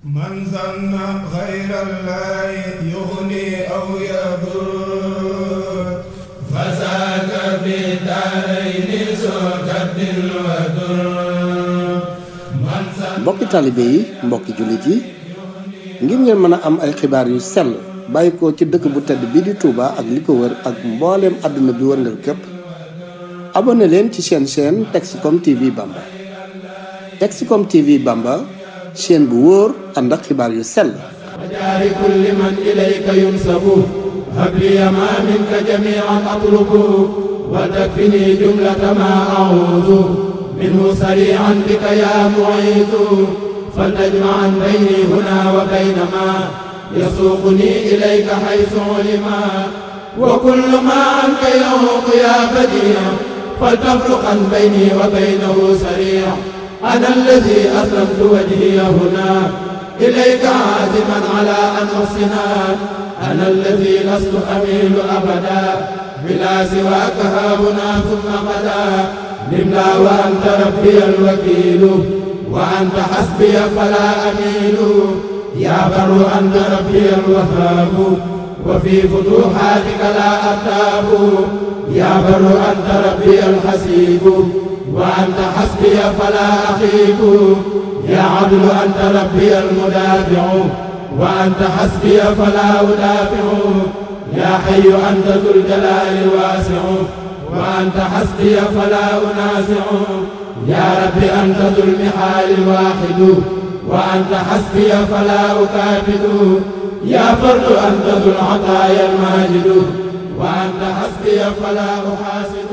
man zanna ghayra llahi yughni aw mbokki taalibe yi mbokki jullit yi ngir ngeen mën a am ay xibaar yu sell bàyyi ko ci dëkk bu tedd bi di Touba ak li ko wër ak mbooleem àdduna bi wërngal képp abonné leen ci seen chaîne Texcom TV Bamba TV Bamba شين بوور wóor ànd ak xibaar كل من إليك ينسب هب لي ما منك جميعا أطلب وتكفني جملة ما أعوذ منه سريعا بك يا معيذ فلتجمعا بيني هنا وبين ما يسوقني إليك حيث علما وكل ما عنك يوق يا بديع فلتفرقا بيني وبينه سريعا أنا الذي أسلمت وجهي هنا إليك عازما على أن أحسنها أنا الذي لست أميل أبدا بلا سواك ها هنا ثم غدا لملا وأنت ربي الوكيل وأنت حسبي فلا أميل يا بر أنت ربي الوهاب وفي فتوحاتك لا أتاب يا بر أنت ربي الحسيب وأنت حسبي فلا أخيب يا عدل أنت ربي المدافع وأنت حسبي فلا أدافع يا حي أنت ذو الجلال الواسع وأنت حسبي فلا أنازع يا ربي أنت ذو المحال الواحد وأنت حسبي فلا أكابد يا فرد أنت ذو العطايا الماجد وأنت حسبي فلا أحاسد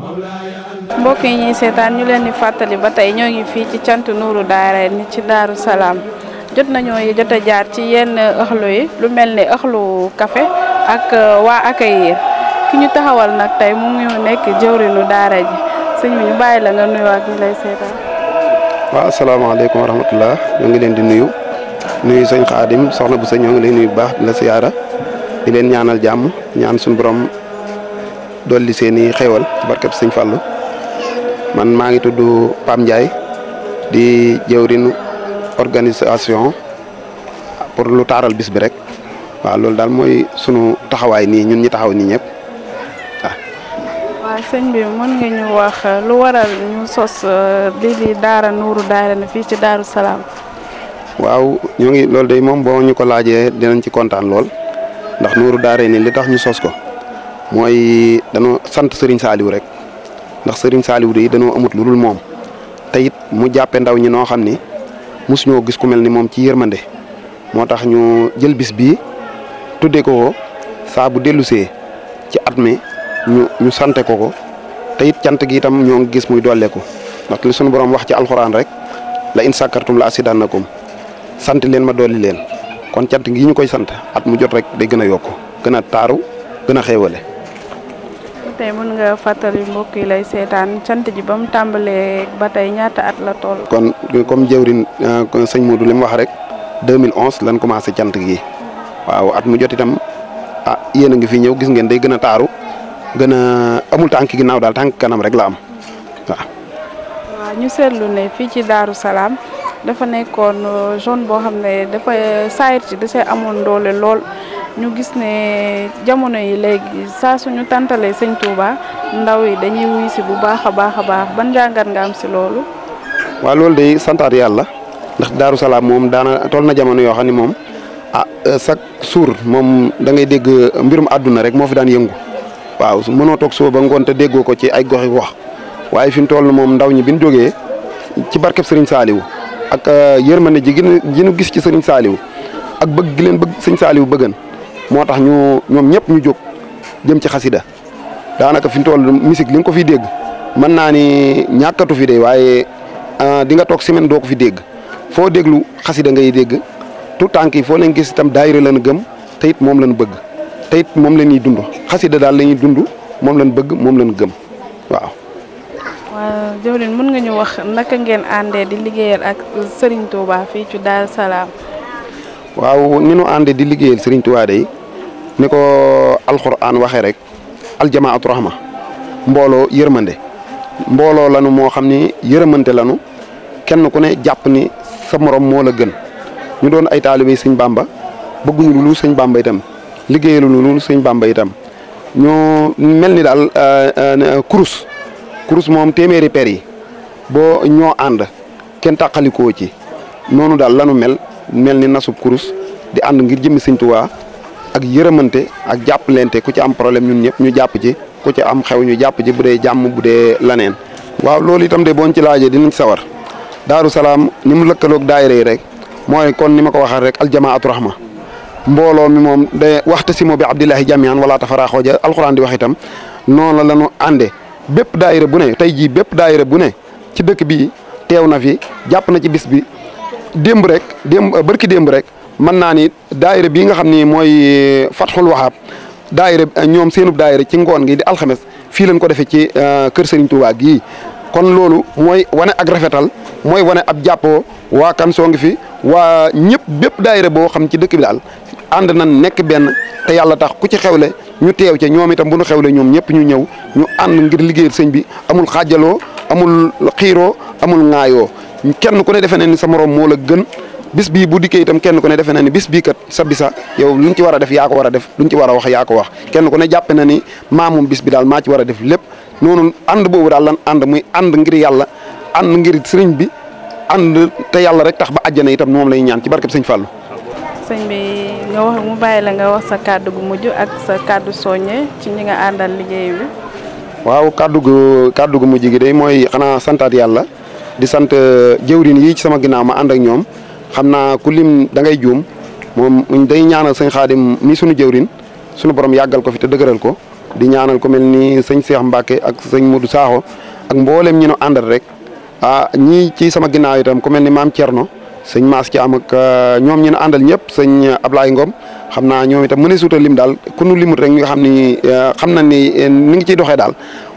مولاي mbokk ñi sétan ñu leen di fàttali ba tey ñoo ngi fii ci cant nuuru daara ni ci daaru salaam jot nañoo jot a jaar ci yenn ëxlu yi lu mel ni ëxlu café ak euh, waa accueillir ki ñu taxawal nag tey mu ngi nekk jëwrinu daara ji suñu ñu bàyyi la nga nuyu ak ñu lay seetaan. waaw asalaamaaleykum wa rahmatullah ñoo ngi leen di nuyu nuyu sëñ xaadim soxna bu sa ñoo ngi leen nuyu baax la siyaara di leen ñaanal jàmm ñaan suñu borom dolli seen i xéewal ci man maa ngi tudd Pam Ndiaye di jëwriñ organisation pour lu taaral bis bi rek waaw loolu daal mooy sunu taxawaay nii ñun ñi taxaw nii ñëpp waaw. waaw sëñ bi mën nga ñu wax euh, lu waral ñu sos euh, lii di Daara Nuuru Daara na fii ci daru Salaam. waaw ñoo ngi loolu day moom boo ñu ko laajee dinañ ci kontaan lool ndax Nuuru Daara ni li tax ñu sos ko mooy dañoo sant Serigne Saliou rek ndax serigne saliw de dañu amut lulul mom tayit mu jappé ndaw ñi no xamni musuñu gis ku melni mom ci yermande motax ñu jël bis bi tuddé ko sa bu délusé ci atmé ñu ñu santé ko ko tayit cyant gi tam ñoo gis muy ko ndax li sunu borom wax ci alcorane rek la in sakartum la asidannakum santé leen ma doli leen kon cyant gi ñu koy sant at mu jot rek day gëna yokku gëna taru gëna tay mën nga fatali mbokk yi lay seetaan cant ji bam tambalé tàmbalee ba ñaata at la toll kon comme jëwrin euh, sëñ Modou lim wax rek 2011 lan commencé cant gi waaw at mu jot itam ah yéen nga fi ñew gis ngeen day gëna taru gëna gën a amul tànk ginnaaw daal tànk kanam rek la am waaw. ñu sétlu né fi ci daru salam dafa nekkoon euh, zone bo xamné dafa sayr ci da see doole lool ñu gis ne jamono yi léegi saa suñu tantalee sëñ Touba ndaw yi dañuy wuy si bu baax a baax a baax ban jàngat nga am si loolu. waaw loolu day santaat yàlla ndax Daaru Salaam moom daana toll na jamono yoo xam ne moom ah euh, chaque jour moom da ngay dégg euh, mbirum àdduna rek moo fi daan yëngu waaw mënoo toog suba ba ngoon déggoo ko ci ay goxi wax waaye fi mu toll moom ndaw ñi bi ñu ci barkeb ak euh, yërmande ji gën ji ñu gis ci ak bëgg gi leen bëgg bëggan motax ñu ñom ñep ñu jog jëm ci xasida daanaka fi mu toll musique li nga ko fi dégg man na ni ñakatu fi de waaye ah, di nga tok semaine do ko fi dégg fo déglu xasida ngay dégg tout tànk yi foo leen gis tam daayira lañu gëm te it moom bëgg te it moom la ñuy dund xasida daal la ñuy bëgg mom lañu gëm waaw. waaw mën nga ñu wax naka ngeen di liggéeyal ak Serigne Touba fii ci dar salam waaw ni nu ànd di liggéeyal Serigne Touba day ni ko alxuraan rek aljamaatu rahma mbolo yermande mbolo lanu mo xamni yermante yërmante lanu kenn ku ne japp ni sa morom mo la gën ñu doon ay talibé serigne Bamba bëggu ñu lu serigne Bamba itam liggéeyalu lu lu Bamba itam ñu mel ni euh, euh, euh, kurus kurus mom téméré per yi bo ñoo and kenn takaliko ci nonu dal lanu mel. mel ni nasub kurus di ànd ngir jëmmi sëñ Tuubaa ak yërëmante ak jàppalente ku ci am problème ñun ñëpp ñu jàpp ci ku ci am xew ñu jàpp ci bu dee jàmm bu dee laneen. waaw loolu itam de boo ñu ci laajee dinañ sawar daaru salaam ni mu lëkkaloog daayira yi rek mooy kon ni ma ko waxee rek aljamaatu rahma mbooloo mi moom day waxta si moo bi abdillahi jamian wala tafara xooja alxuraan di wax itam noonu la la ñu àndee bépp daayira bu ne tey jii bépp daayira bu ne ci dëkk bi teew na fi jàpp na ci bis bi. démb rek démb euh, barki démb rek mën naa ni daayira bii nga xam ni mooy euh, Fatxul Wahab daayira euh, ñoom seenub daayira ci ngoon gi di alxames fii lañ ko defee ci kër Serigne Touba gii kon loolu mooy wane ak mooy wane ab jàppoo waa Kanso ngi fi waa ñëpp bépp daayira boo xam ci dëkk bi daal ànd na nekk benn te yàlla tax ku ci xewle ñu teew ca ñoom itam bu ñu xewle ñoom ñëpp ñu ñëw ñu ànd ngir liggéeyal sëñ bi amul xaajaloo amul xiiroo amul ŋaayoo kenn ku ne defe na ni sa morom mo la gën bis bi bu diké itam kenn ku ne ni bis bi kat sa bisa yow luñ ci wara def ya ko wara def luñ ci wara wax ya ko wax kenn ku ne japp na ni mamum bis bi dal ma ci wara def lepp nonu and bobu dal lan and muy and ngir yalla and ngir sëriñ bi and te yalla rek tax ba aljana itam mom lay ñaan ci barkeb sëñ fallu sëñ bi nga wax mu baye la nga wax sa cadeau bu muju ak sa cadeau soññe ci ñi nga andal liggéey bi. waaw kàddu gu kàddu gu gi day moy xana santat yalla di sant euh, jëwrin yi ci sama ginnaaw ma ànd ak ñoom xam naa ku lim da ngay juum moom day ñaanal sëñ xaadim mi suñu jëwrin suñu borom yàggal ko fi te dëgëral ko di ñaanal ko mel ni sëñ Seex Mbàkke ak sëñ Modou Sakho ak mboolem ñu nu rek ah ñii ci sama ginnaaw itam ku mel ni maam Thierno sëñ Maas ci am ak euh, ñoom ñu nu àndal ñëpp sëñ Ablaye Ngom xam naa ñoom itam mënee suutal lim daal ku nu limut rek ñu nga xam ni euh, xam na ni ni ngi ciy doxee daal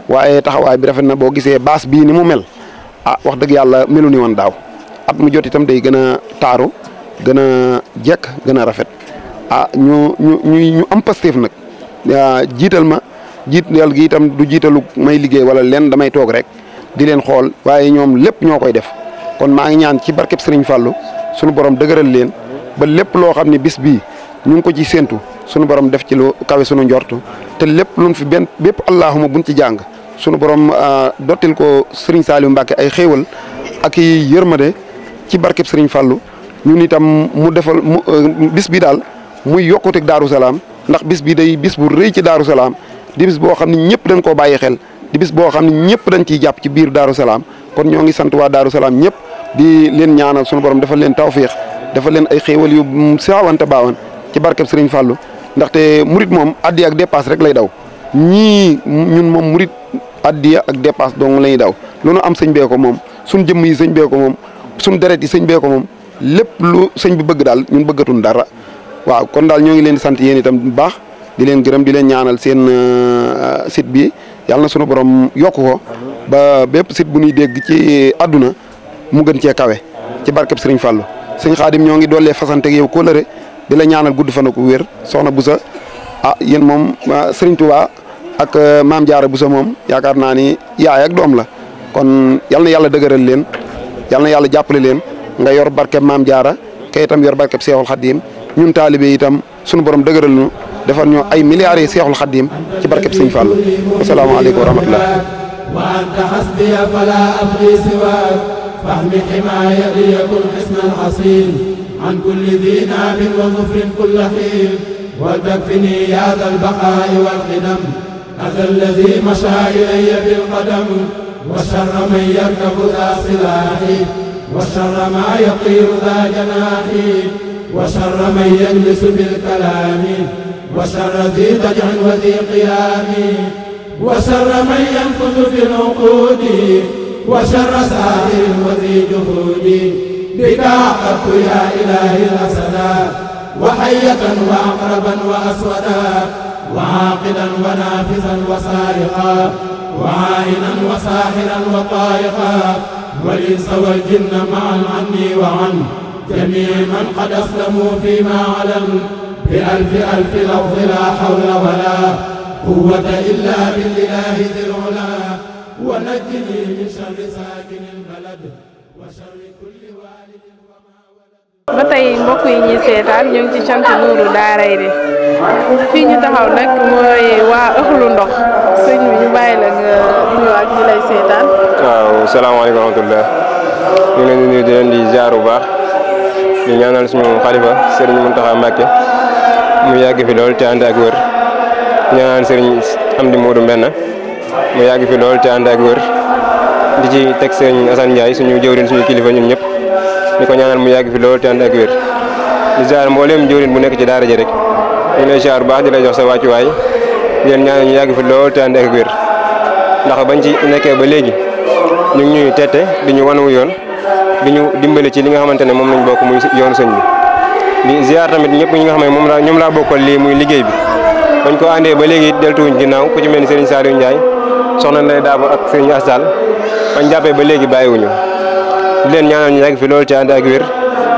waaye taxawaay bi rafet na boo gisee baas bii ni mu mel. ah wax deug yalla melu ni won daw at mu jot itam day gëna taru gëna jek a rafet ah ñu ñu ñu am pastéef nag ah, jital ma yalla gi tam du jitaluk may liggey wala len damay tok rek di len xol waye ñom lepp ñokoy def kon ma ngi ñaan ci barkeb Serigne fallu sunu borom degeural len ba lepp lo xamni bis bi, ñu ko ci sentu sunu borom def ci lo kawe suñu njortu te lepp luñ fi ben bepp allahumma buñ ci jang sunu borom euh, dottil ko Serigne Saliou Mbacke ay xéewal ak i yërmande ci barkeb Serigne Fallou ñun itam mu defal mu euh, bis bi daal muy yokkuteeg Daaru Salaam ndax bis bi day bis bu rëy ci Daaru Salaam di bis boo xam ne ñëpp dañ koo bàyyi xel di bis boo xam ne ñëpp dañ ciy jàpp ci biir Daaru Salaam kon ñoo ngi sant waa Daaru Salaam ñëpp di leen ñaanal sunu borom defal leen tawféex defal leen ay xéewal yu saawante baawan ci barkeb Serigne Fallou ndaxte murit moom addi ak dépasse rek lay daw adiya ak dépasse dong la daw lu am sëñ bee mom moom jëm yi sëñ bee mom moom dérèt yi sëñ bee mom lepp lu sëñ bi bëgg dal ñun bëggatun dara waaw kon dal ñoo ngi leen di sant yeen itam bu baax di leen gërëm di leen ñaanal seen euh, euh, site bi yalla na sunu borom yokk ko ba bépp site bu ñuy dégg ci aduna mu gën cee kawe ci barkeb sëriñ fallu sëñ khadim ñoo ngi doolee fasante ak yow kóolëre di la ñaanal gudd fa ak wër soxna bu sa ah yeen mom ah, sëriñ Touba ak eh, mam Jaara bu sa mom yaakar na ni yaay ak dom la kon yal na yàlla dëgëral leen yalla na yàlla jàppale leen nga yor barke mam Jaara kay itam yor barke cheikhul khadim ñun taalibe itam suñu borom dëgëral ñu defal ñu ay milliards yi Seexul Xaddiim ci barke seigne Fall assalamu alaykum wa rahmatullah wa anta hasbi ya fala abghi siwa fahmi himaaya liyakun hisnan hasil an kulli dhina min wa zufrin kulla hiin wa takfini ya dhal baqaa'i wal qidam هذا الذي مشى إلي بالقدم وشر من يركب ذا سلاحي وشر ما يطير ذا جناحي وشر من يجلس بالكلام وشر ذي ضجع وذي قيام وشر من ينفذ في العقود وشر ساهر وذي جهود بك عقدت يا إلهي الأسدا وحية وأقربا وأسودا وعاقلا ونافذا وسارقا وعائنا وساحرا وطائقا والإنس والجن معا عني وعن جميع من قد أسلموا فيما علم بألف ألف لفظ لا حول ولا قوة إلا بالله ذي العلا ونجني من شر سائر ba tey mbokk yi ñuy seetaan ñu ngi ci cant nuuru daaray di fii ñu taxaw nag mooy waa ëxlu ndox sëñ bi ñu bàyyi la nga nuyoo ak ñi seetaan. waaw salaamaaleykum wa rahmatulah ñu leen di jaar bu baax di ñaanal suñu xalifa Serigne Mountakha Mbacké mu yàgg fi lool te ànd mu yàgg fi lool te ànd ak wër. di ci teg sëñ Assane Ndiaye suñu jëwrin suñu kilifa ñun ñëpp di ko ñaanal mu yàgg fi loolu te ànd ak wér di ziar mbooleem jëwrin bu nekk ci daara ji rek ñu lay ziar baax di la jox sa wàccuwaay di leen ñaanal yàgg fi loolu te ànd ndax bañ ci nekkee ba léegi ñu ngi ñuy tette di ñu wanawu yoon di ñu dimbale ci li nga xamante ne moom lañ bokk muy yoonu sëñ bi di ziar tamit ñëpp ñu nga xam ne moom la ñoom laa bokkal lii muy liggéey bi bañ ko àndee ba léegi deltuwuñ ginnaaw ku ci mel ni Serigne Saliou Ndiaye soxna Ndeye Dabo ak Serigne Asdal bañ jàppee ba léegi bàyyiwuñu di leen ñaanal ñu yàgg fi loolu ci ànd ak wér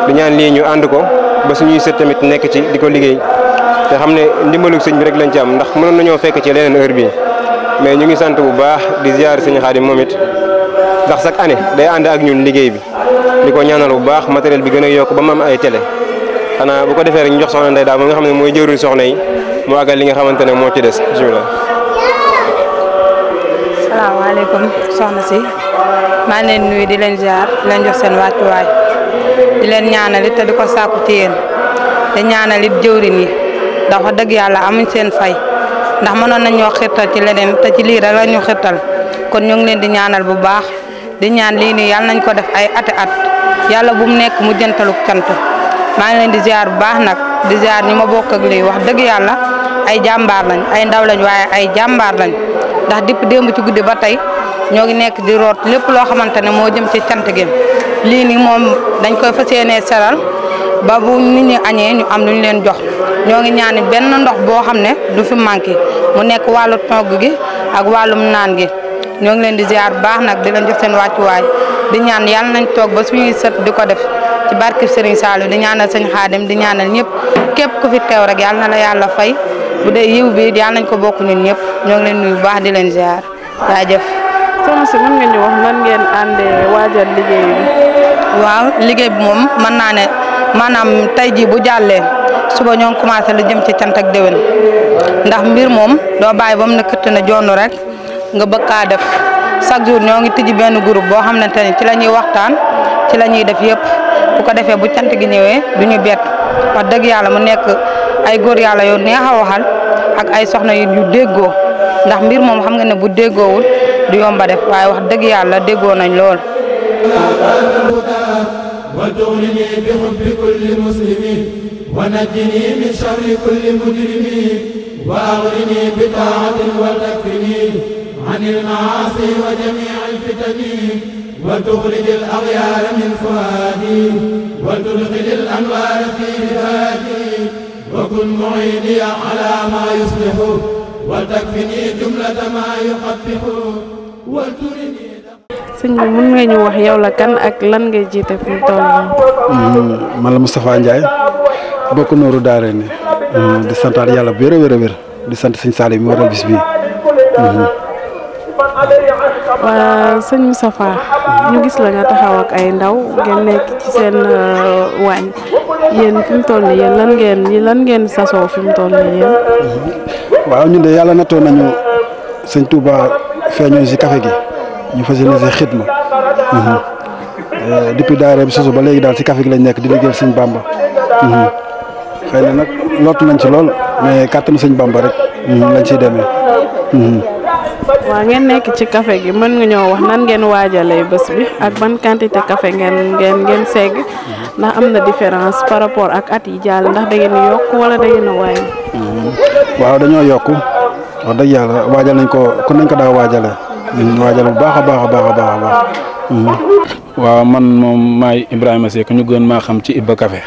di ñaan lii ñu ànd ko ba suñuy sët tamit nekk ci di ko liggéey te xam ne ndimbalu sëñ bi rek lañ ci am ndax mën na ñoo fekk ci leneen heure bi mais ñu ngi sant bu baax di ziar sëñ Xaadim moom it ndax chaque ane day ànd ak ñun liggéey bi di ko ñaanal bu baax matériel bi gën a yokk ba mu ay télé xanaa bu ko defee rek ñu jox soxna Ndeye daal moom nga xam ne mooy jëwriñ soxna yi mu li nga xamante ne moo ci des bisimilah asalaamaaleykum soxna si ma len nuy di len ziar di leen jox seen way di len ñaanalit te di ko sàkku ci yéen te ñaanalit jëwrin yi ndax wax deug yalla amuñ sen fay ndax mënon nañu xettal ci leneen te ci li rek lañu xettal kon ñu leen di ñaanal bu baax di ñaan li ni yalla nañ ko def ay ati at yalla bu mu nek mu jentalu kant ma len di ziar bu baax nak di ziar ñuma bokk ak li wax deug yalla ay jambar lañ ay ndaw lañ waye ay jambar lañ ndax dip démb ci guddé ba tay ñoo ngi nekk di root lépp loo xamante ne moo jëm ci cant gi lii nii moom dañ koy fas yéenee seral ba bu nit ñi añee ñu am lu ñu leen jox ñoo ngi ñaani benn ndox boo xam ne du fi manqué mu nekk wàllu togg gi ak wàllum naan gi ñoo ngi leen di ziar baax nag di leen jox seen wàccuwaay di ñaan yàlla nañ toog ba suñuy sët di ko def ci barke Serigne Saliou di ñaanal sëñ Xaadim di ñaanal ñëpp képp ku fi teew rek yàlla na la yàlla fay bu dee yiw bi yàlla nañ ko bokk ñun ñëpp ñoo ngi leen nuyu baax di leen ziar jaajëf soxna si mën nga wax nan ngeen àndee waajal liggéey waaw liggéey bi moom mën naa ne maanaam tey jii bu jàllee suba ñoo ngi commencé lu jëm ci cant ak déwén ndax mbir moom doo bàyyi ba mu ne na joonu rek nga bëgg kaa def chaque jour ñoo ngi tijji benn groupe boo xamante ne ci la ñuy waxtaan ci la ñuy def yëpp bu ko defee bu cant gi ñëwee du ñu bett wax dëgg yàlla mu nekk ay góor yàlla yow neex a ak ay soxna yu déggoo ndax mbir moom xam nga ne bu déggoowul. du yomba def waaye wax dëgg yàlla déggoo nañ lool وتغنني بحب كل مسلم ونجني من شر كل مجرم واغرني بطاعة وتكفني عن المعاصي وجميع الفتن وتخرج الأغيار من فؤادي وتدخل الأنوار في رفادي وكن معيني على ما يصلح وتكفني جملة ما يقبح sëñ bi mën nga ñu wax yow la kan ak lan ngay jiite fi mu mhm, man la Moustapha Ndiaye bokk nooru daare ni mhm, di santaat yàlla bu wér a di sant sëñ Saali mi waral bis bii. Mhm. waaw sëñ Moustapha ñu gis la nga taxaw ak ay ndaw ngeen nekk ci seen euh, waañ yéen fi mu toll nii lan ngeen lan ngeen sasoo fi mu toll nii waaw ñun de yàlla nañu Touba feeñoo si café gi ñu faciliter xitma mhm. euh, depuis daara bi sosu ba léegi daal si café gi lañ nekk di liggéeyal sëñ bàmba mhm. xëy na nag lott nañ ci lool mais kàttanu sëñ bàmba rek mhm, lañ ciy demee waaw ngeen nekk ci café gi mën nga ñoo wax nan ngeen waajalee bés bi ak ban quantité café ngeen ngeen ngeen segg ndax am na différence par rapport ak at yi jàll ndax da ngeen yokk wala da ngeen a waaye waaw dañoo yokk wax dëgg yàlla waajal nañ ko ku nañ ko daa waajale hmm, waajal bu baax a baax a baax a baax a baax. Hmm. waaw man ñu gën maa xam ci Ibba Café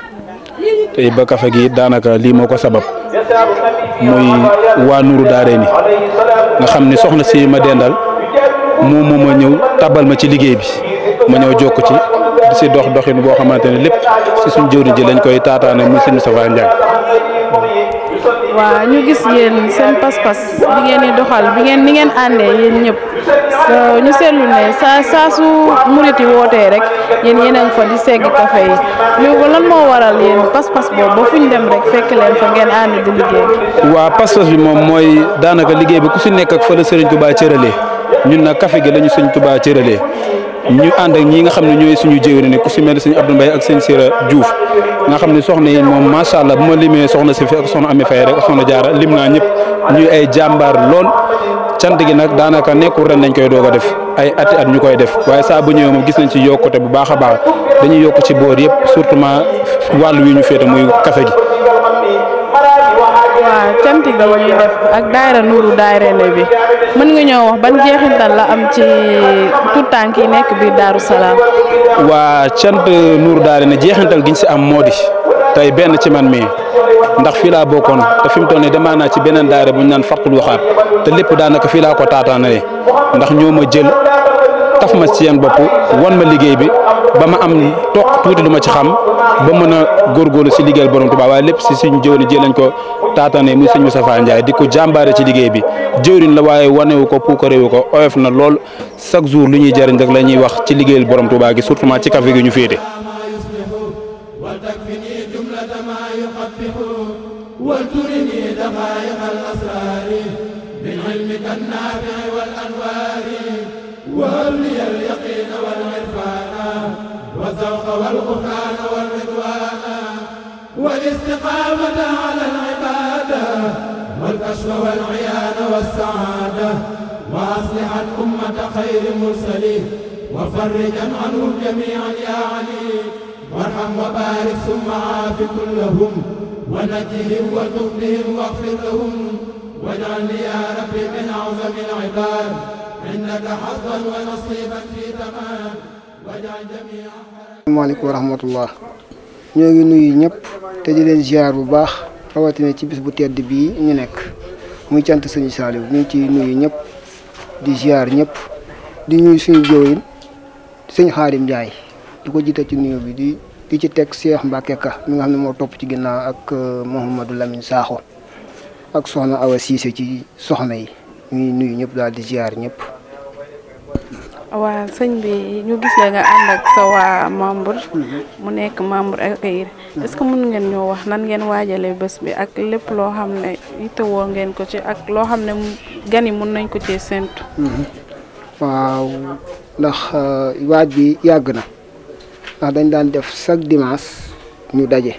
te Ibba kafe gi daanaka lii moo ko sabab muy waa Nuuru Daareeni nga xam ni soxna si ma dendal moom moo ñëw tabal ma ci liggéey bi ma ñëw jokk ci si dox doxin boo xamante ne lépp si suñ jëwriñ ji lañ koy taataane muy sëñ Moustapha Ndiaye waaw ñu gis yéen seen pas-pas bi ngeen di doxal bi ngeen ni ngeen àndee yéen ñëpp ñu seetlu ne saa saa su murit yi wootee rek yéen yéen fa di segg café yi léegi lan moo waral yéen pas-pas boobu ba fu ñu dem rek fekk leen fa ngeen ànd di liggéey. waaw pas-pas bi moom mooy daanaka liggéey bi ku si nekk ak fa la Serigne Touba cëralee ñun nag café gi la ñu tubaa Touba cëralee. ñu ànd ak ñi nga xam ne ñooy suñu jëwri ne ku si mel sëñ Abdou Mbaye ak sëñ Sira Diouf nga xam ne soxna yi moom macha allah bu ma limee soxna si fi ak soxna Ami Faye rek ak soxna Jaara lim naa ñëpp ñuy ay jàmbaar lool cant gi nag daanaka nekkul ren lañ koy doog a def ay ati at ñu koy def waaye saa bu ñëwee moom gis nañ ci yokkute bu baax a baax dañuy yokk ci boor yëpp surtout wàllu wi ñu féete muy café gi waaw cant gi ñuy def ak daayira Nuuru Daarayni bi mën nga ñoo wax ban jeexintal la am ci tout tànk nekk biir Daaru Salaam. waa cant Nuuru Daarayni jeexintal gi ñu si am moo di tey benn ci man mii ndax fii laa bokkoon te fi mu toll nii demaa naa ci beneen daayira bu ñu naan fàqul waxaat te lépp daanaka fii laa ko taataanalee ndax ñoo jël. taf ma ci seen bopp wan ma liggéey bi ba ma am toog tuuti lu ma ci xam ba mën a góorgóorlu si liggéeyal borom Tuubaa waaye lépp si suñ jëwriñ ji lañ ko taataane muy sëñ Moustapha Ndiaye di ko jàmbaare ci liggéey bi jëwriñ la waaye wanewu ko puukarewu ko oyof na lool chaque jour lu ñuy jëriñ rek la ñuy wax ci liggéeyal borom Tuubaa gi surtout ci café gi ñu féete الذوق والغفران والرضوان والاستقامة على العبادة والكشف والعيان والسعادة وأصلح الأمة خير مرسلين وفرجا عنهم جميعا يا علي وارحم وبارك ثم عاف كلهم ونجهم وتقلهم واغفر لهم واجعل يا ربي من أعظم العباد عندك حظا ونصيبا في تمام maaleykum wa rahmatullah ñoo ngi nuyu ñëpp te di leen ziar bu baax rawatina ci bis bu tedd bii ñu nekk muy cant sëñ Saliou ñu ngi ciy nuyu ñëpp di ziar ñëpp di nuyu suñu jëwriñ sëñ Xaadim Njaay di ko jiite ci nuyu bi di di ci teg Cheikh Mbacke Ka mi nga xam ne moo topp ci ginnaaw ak euh, Mouhamadou Lamine Sakho ak soxna Awa Cissé ci soxna yi ñuy nuyu ñëpp daal di ziar ñëpp. wa sëñ bi ñu gis la nga and ak sa wa membre mu nek membre accueillir est-ce mën ngeen ñoo wax nan ngeen wajale bi ak lepp lo xamne ne wo ngeen ko ci ak lo xamne ne mën mun nañ ko ci sent waaw ndax eh, waaj bi yag na ndax dañ daan def chaque dimanche ñu dajé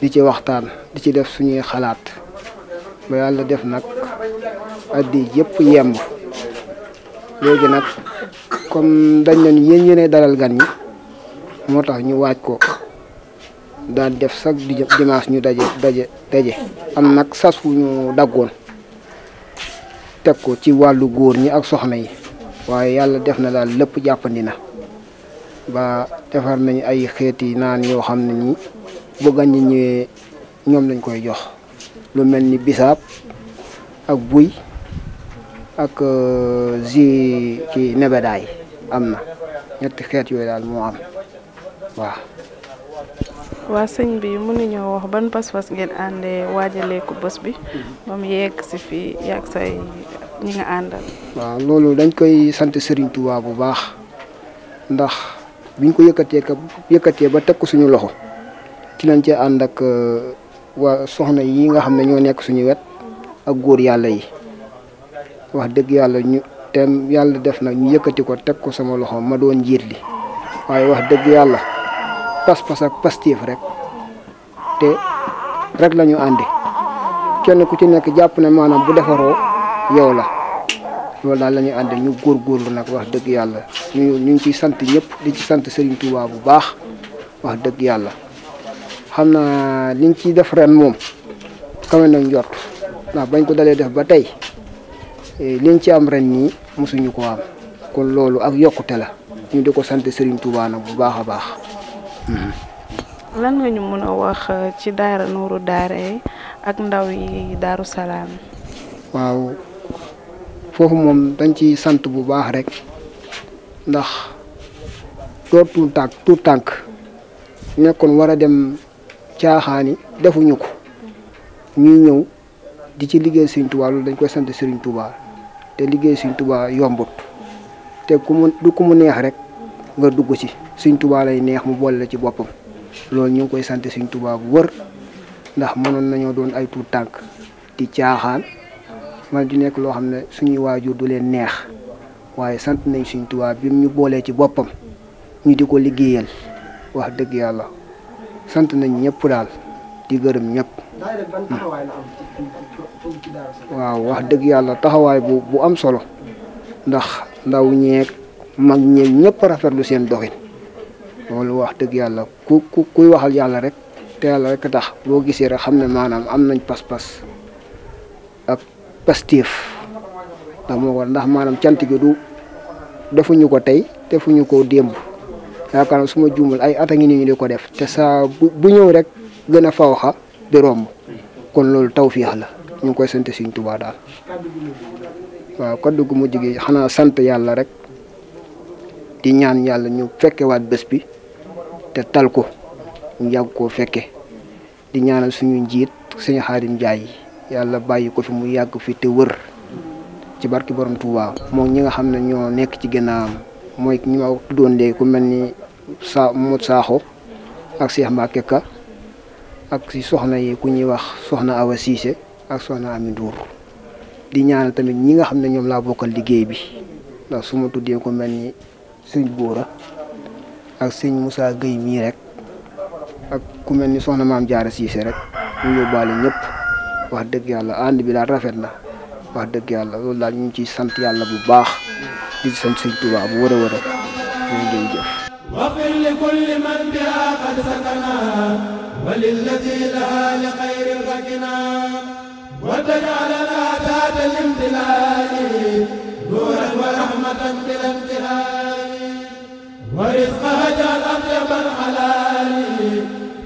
di ci waxtaan di ci def suñuy xalaat ba yàlla def nag addi yépp yemb léegi nag comme dañ leen yéen yéenee dalal gan ñi moo tax ñu waaj ko daan def sag dimanche ñu daje daje daje am nag sas wu ñu daggoon teg ko ci wàllu góor ñi ak soxna yi waaye yàlla def na daal lépp jàppandi na ba defar nañu ay xeeti naan yoo xam ne ñi bu gan ñi ñëwee ñoom lañ koy jox lu mel ni bisaab ak buy ak euh, ji ci nebedaay amna ñet xet yoy dal mo am wa wa señ bi ñoo wax ban pass pass ngeen andé waajalee ko bés bi mm-hmm. bam yegg ci fi yak say ñi nga andal wa lolu dañ koy sante Serigne Touba bu baax ndax biñ ko yëkëté ka yëkëté ba tekk suñu loxo ci lañ ci and ak uh, wa soxna yi nga xamné ñoo nekk suñu wet ak goor yalla yi wax deug yalla ñu tem yalla def na ñu yëkëti ko tek ko sama loxo ma doon njiit li wax dëgg yalla pas-pas ak pastif rek te rek la andé kenn ku ci nekk japp ne manam bu defaro yow la loolu daal la ñuy àndi ñu nyu nak wax dëgg yalla ñu ñu ci sant ñëpp di ci sant Serigne Touba bu baax wax dëgg yalla xamna liñ ci def ren mom kawé nak njort na bañ ko dalé def ba tay eh, liñ ci am ren ni mosuñu ko am kon loolu ak yokkute la ñu di ko sant Serigne Touba nag bu baax a baax. Mhm. lan nga ñu mën a wax euh, ci daara Nuuru Daara ak ndaw yi Daaru Salaam. waaw foofu moom dañ ci sant bu baax rek ndax door tuut tànk nekkoon war a dem caaxaani defuñu ko ñuy ñëw di ci liggéey Serigne Touba loolu dañ koy sant Serigne Touba. te liggéey suñ tubaa yombut te ku mu du mu neex rek nga dugg ci suñ tubaa lay neex mu boole la ci boppam loolu ñu ngi koy sant suñ tubaa bu wër ndax mënoon nañoo doon ay tuut tànk di caaxaan man di nekk loo xam ne suñuy waajur du leen neex waaye sant nañ suñ tubaa bi ñu boolee ci boppam ñu di ko liggéeyal wax dëgg yàlla sant nañ ñëpp daal di gërëm ñëpp waaw wax dëgg yàlla taxawaay bu bu am solo ndax ndaw ñeeg mag ñeeg ñëpp rafetlu seen doxin loolu wax dëgg yàlla ku ku kuy waxal yàlla rek te yàlla rek tax boo gisee rek xam ne maanaam am nañ pas-pas ak pastif ndax moo war ndax maanaam cant gi du defuñu ko tey defuñu ko démb yaakaar ay at ngi ñu di ko def te saa bu ñëw rek gën a faw di romb kon loolu tawféex la ñu koy sant Sëriñ tubaa daal waaw kaddu gu mujj gi xanaa sant yàlla rek di ñaan yàlla ñu fekkewaat bés bi te tal ko ñu yàgg koo fekke di ñaanal suñu njiit suñu Xaadim Njaay yàlla bàyyi ko fi mu yàgg fi te wër ci barki borom Touba moom ñi nga xam ne ñoo nekk ci ginnaawam mooy ñi ma tuddoon léegi ku mel ni sa mu saaxo ak Cheikh Mbacke Ka ak si soxna yi ku ñuy wax soxna Awa siise ak soxna Ami Ndour di ñaanal tamit ñi nga xam ne ñoom laa bokkal liggéey bi ndax su ma tuddee ko mel ni sëñ Bóora ak sëñ Moussa Gueye mii rek ak ku mel ni soxna maam Jaara Cissé rek ñu yóbbaale ñëpp wax dëgg yàlla ànd bi daal rafet la wax dëgg yàlla loolu daal ñu ngi ciy sant yàlla bu baax di sant sëñ Tuubaa bu wërëwërë ñu ngi jëf. وللتي لها لخير الركنا لها ذات الامتلاء نورا ورحمة بلا انتهاء ورزقها جعل أطيب الحلال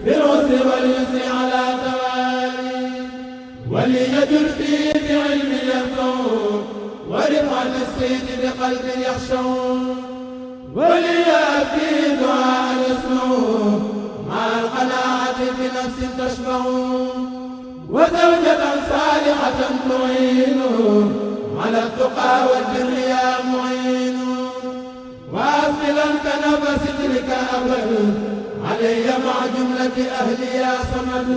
في العسر واليسر على توالي وليجر في علم يفهم ورفع السيد بقلب يخشون وليأتي دعاء يسمعه مع القناعة نفس تشبع وزوجة صالحة تعين على التقى والبر يا معين وأثقلا كنف سترك أبد علي مع جملة أهلي يا صمد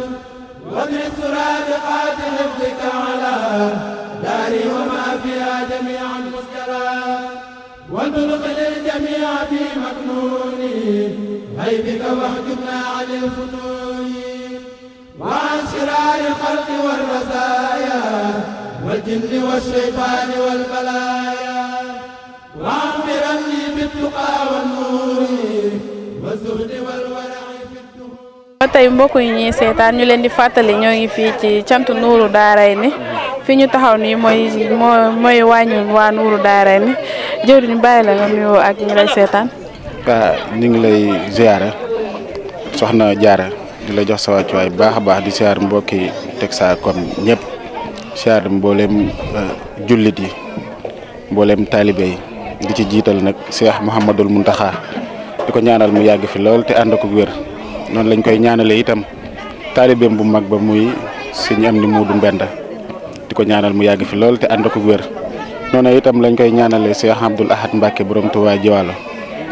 وادرس رادقات حفظك على داري وما فيها جميعا مسكرا وانطلق للجميع في مكنوني غيبك واحجبنا عن الفتور وعن سرار الخلق والرزايا والجن والشيطان والبلايا وعمرني بالتقى والنور والزهد والورع ba tey mbokk yi ñi seetaan ñu leen di fàttali ñoo ngi fii ci cantu nuuru daaray ni fi ñu taxaw nii mooy moo mooy wàññul waa nuuru daaray ni jëwriñ bàyyi la nga nuyoo ak ñu lay seetaan waaw ñu lay ziyaara soxna jaara di jox sa wàccuwaay baax baax di siyaar mbokki kon ñep siyaar mbollem eh, jullit yi mbollem taalibe yi di ci jital nak Cheikh mohammedul muntaha di ñaanal mu yagg fi lol te ànd ko wér noonu lañ koy ñaanale itam taalibeem bu mag ba muy sëñ amni modou Mbenda di ñaanal mu yagg fi lol te ànd ko non noonu itam lañ koy ñaanale Cheikh abdul Ahad Mbacke borom tuwa jiwalo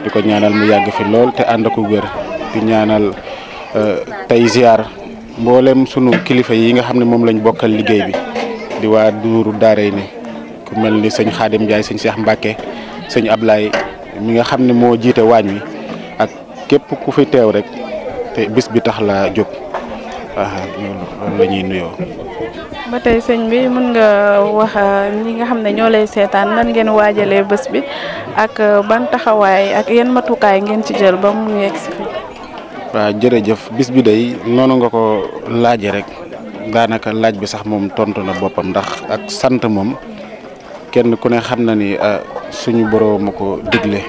di ñaanal mu yagg fi lol te ànd ko di ñaanal tay ziar mbollem sunu kilifa yi nga xamne mom lañ bokal liggey bi di waa duuru daaray ni ku melni seigne khadim Xaadim seigne Cheikh mbake seigne ablay mi nga xamne mo jité wañ wi ak kep ku fi tew rek te bis bi tax la jog ah loolu lañuy nuyo ba tay seigne bi mën nga wax ah, ñi nga xamne ne lay nan ngeen wajale bés bi ak ah, ban taxaway ak yan matukaay ngeen ci jël ba mu yexi waaw jërëjëf bis bi day noonu nga ko laaje rek daanaka laaj bi sax moom tontu na boppam ndax ak sant moom kenn ku ne xam na ni ah, suñu borom ma ko digle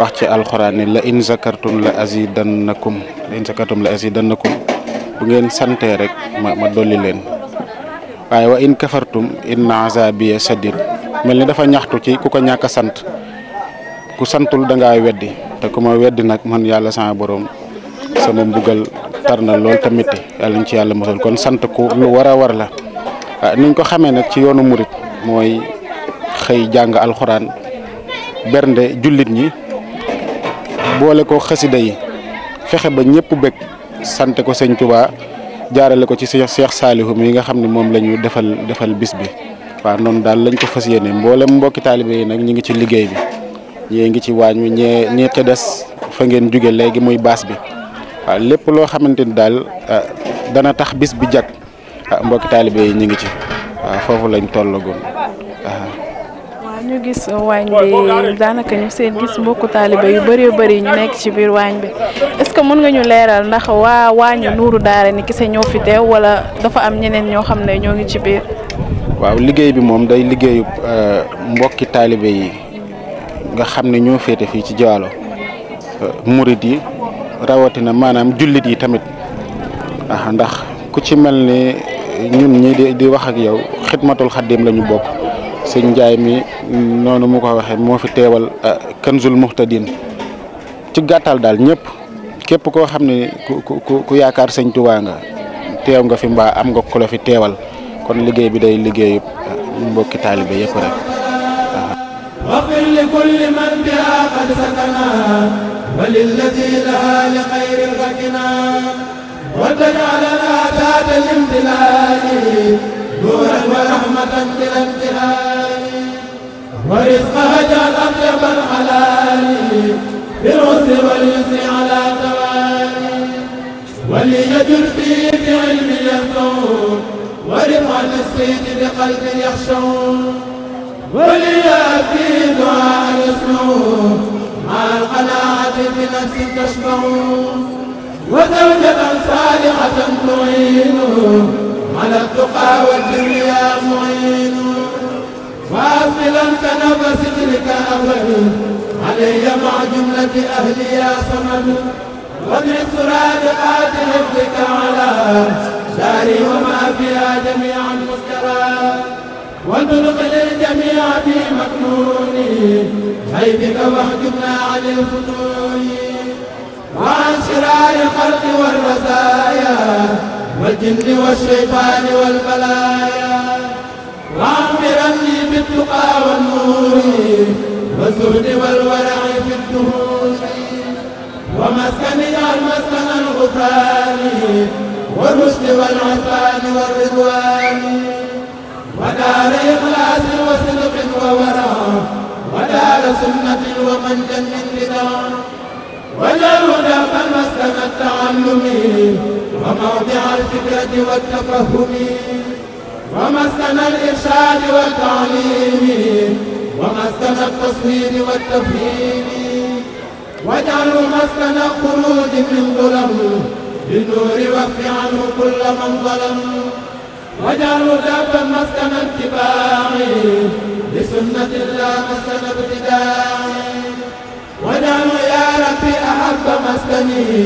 wax ci alxuraan ni la in zakartum la azidannakum la in zakartum la azidannakum bu ngeen santee rek ma ma dolli leen waaye wa in kafartum inna azabiya sadid mel ni dafa ñaxtu ci ku ko ñàkk sant ku santul da ngaa weddi te ku weddi nag man yàlla sama boroom sama mbugal tar na lool tamit yàlla ñu ci yàlla mosal kon sant ko lu war a war la ah, niñ ko xamee nag ci yoonu murit mooy xëy jàng alxuraan bernde jullit ñi boole ko xasida yi fexe ba ñëpp bëgg sant ko sëñ Tuubaa jaarale ko ci Seex Seex Saalihu mi nga xam ne moom la ñu defal defal bis bi waaw noonu daal lañ ko fas yéene mboolem mbokki taalibe yi nag ñu ngi ci liggéey bi ñee ngi ci waañ wi ñee ñee ca des fa ngeen jóge léegi muy baas bi Ah, lépp loo xamante ni daal ah, dana tax bis bi jag ah, mbokki taalibe yi ñu ngi ci waaw foofu lañ tollagoon waaw ñu gis waañ bi daanaka ñu seen gis mbokku taalibe yu bëree bëri ñu nekk ci biir waañ bi est-ce que mën nga ñu leeral ndax waa waañu nuuru daara ni kese ñoo fi teew wala dafa am ñeneen ñoo xam ne ñoo ngi ci biir waaw liggéey bi moom day liggéeyu mbokki taalibe yi nga xam ne ñoo féete fii ci Joalo murid yi rawatina maanaam jullit yi tamit ah ndax ku ci mel ni ñun ñi di di yow xidmatul xaddim la ñu bokk sëñ Njaay mi noonu mu ko waxee moo fi teewal ah, Kanzul Muhtadin ci gàttal daal ñëpp képp koo xam ne ku yaakaar sëñ Tuubaa nga fi mbaa am nga fi teewal kon liggéey bi day liggéeyu ah, mbokki taalibe yëpp rek. Ah. وللذي لها لخير ركنا لنا ذات الامتلاء نورا ورحمة بلا انتهاء ورزقها جعل أطيب الحلال بالعسر واليسر على توالي وليجر فيه بعلم يفنون ورفع السيد بقلب يخشون وليأتي دعاء يسمعون مع القناعة بنفس تشبع وزوجة صالحة تعين على التقى والكبرياء معين واصلا كنف سترك أول علي مع جملة أهلي يا صمد وادعي سراد آت حفظك على داري وما فيها جميعا مسترا وانطلق للجميع في مكنون خيبك واحجبنا عن الفتون وعن شرار الخلق والرزايا والجن والشيطان والبلايا وعمرني بالتقى والنور والزهد والورع في الدهور ومسكن المسكن مسكن الغفران والرشد والعفان والرضوان ودار إخلاص وصدق وورع ودار سنة ومنجا من رضا ودار دفع مسكن التعلم وموضع الفكرة والتفهم ومسكن الإرشاد والتعليم ومسكن التصوير والتفهيم واجعلوا مسكن خروج من ظلم بالنور واكف عنه كل من ظلم وجعلوا دابا مسكن اتباعي لسنة الله مسكن ابتداعي وجعلوا يا ربي أحب مسكني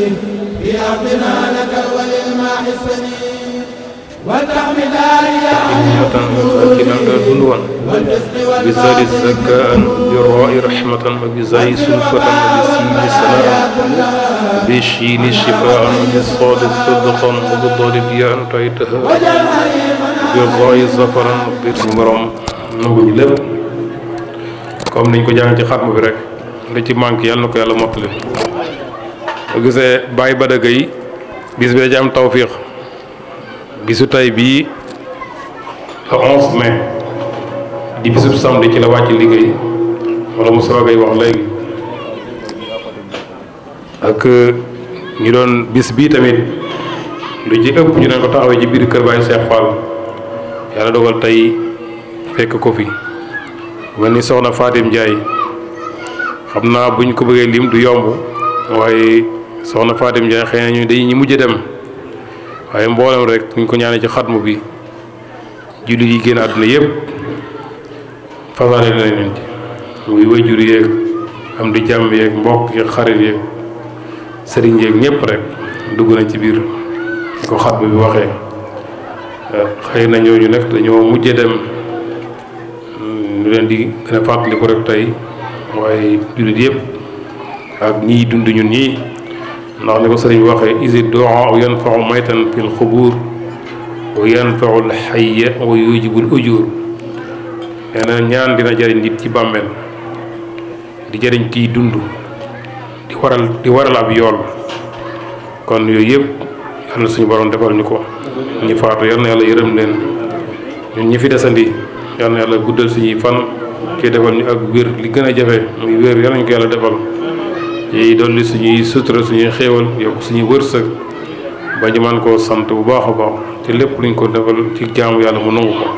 في أرضنا لك وللماء السنين كنان دون وان بزاد الزكاء جراء رحمة وبزاي سلفة وبسين سلام بشين شفاء وبصاد صدقا وبالضاد ديان تايتها بغاي زفرا بالمرام نوغي لب comme niñ ko jàng ci xatma bi rek li ci manque yàlla na ko yàlla mottali bu gisee bàyyi ba dëgg yi bis bi da ci am tawfiix bisu tay bii le 11 mai di bisub samedi ci la wàcc liggéey wala mu soogay wax léegi ak ñu doon bis bii tamit lu ci ëpp ñu ne ko taxawee ci biir kër Baye Cheikh Fall yàlla dogal tey fekk ko fi mel ni soxna Fatim njaay xam naa buñ ko bëggee lim du yomb waaye soxna Fatim Ndiaye xëy na ñu day ñi mujj dem waaye mboolem rek buñ ko ñaanee ci xatmu bi jullit yi génn àdduna yëpp fasaale dinañ leen muy wayjur am di jàmm yeeg mbokk yeeg xarit yeeg sëriñ yeeg dugg nañ ci biir ko xatmu xëy na ñooñu nag mujje dem ñu leen di gën tey waaye jullit yëpp ak ñiy dund ñun ñii ndax ni ko sëriñ bi waxee isi doa yanfau maytan fi lxubuur wa l lxaya wa l ujur nee na ñaan dina jariñ nit ci bàmmeel di jariñ kiy dund di waral di waral ab yool kon yooyu yëpp yàlla na suñu borom defal ñu ko ñu faatu yàlla na yàlla yërëm leen ñun ñi fi desandi yàlla na yàlla guddal suñuy fan ci defal ñu ak wér li gën a jafe muy wér yàlla ñu ko yàlla defal yi dolli suñuy sutura suñuy xéewal yokk suñu wërsëg ba ñu man koo sant bu baax a baax te lépp luñ ko defal ci jaamu yàlla mu nongu ko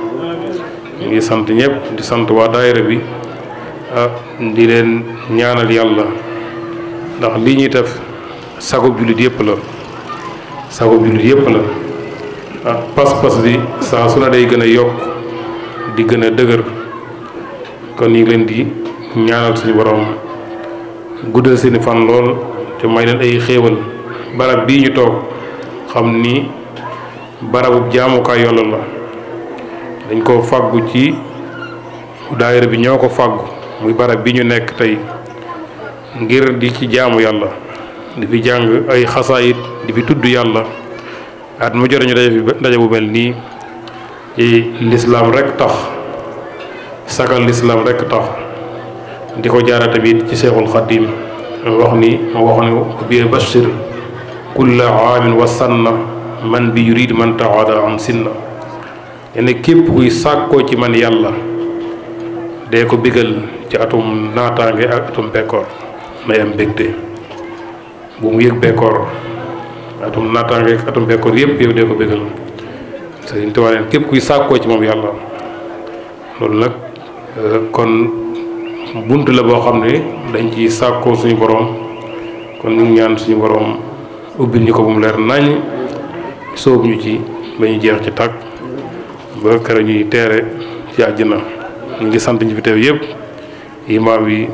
ñu ngi sant ñëpp di sant waa daayira bi ah di leen ñaanal yàlla ndax lii ñuy def sagub jullit yëpp la sagub jullit yëpp la ah pas-pas bi saa su ne day gën a yokk di gën a dëgër kon ñu leen di ñaanal suñu borom. guddal seeni fan lool te may leen ay xéewal barab bii ñu toog xam ni barabu jaamukaay yàlla la dañ ko faggu ci daayira bi ñoo ko faggu muy barab bi ñu nekk tey ngir di ci jaamu yàlla di fi jàng ay xasaayit di fi tudd yàlla at mu jot ñu daje daje bu mel nii ci lislaam rekk tax sagal lislaam rekk tax diko jaarata bi ci seexul khadim wax ni mu wax ni bi bashir kul aam wa sanna man bi yurid man taada an sinna ene kep kuy sakko ci man yàlla de ko bigal ci atum naataange ak atum bekor may am bekte bu mu yëg bekor atum naataange ak atum bekor yëpp yow de ko bigal serigne Tuubaa neen képp kuy sakko ci mom yàlla loolu nak kon bunt la boo xam ne dañ ci sàkkoo suñu borom kon ñu ñaan suñu borom ubbil ñu ko bu mu leer nañ sóob ñu ci ba ñu jeex ci tàkk ba kër ñuy teere ci àjjana ñu ngi sant ñi fi teew yëpp imaam yi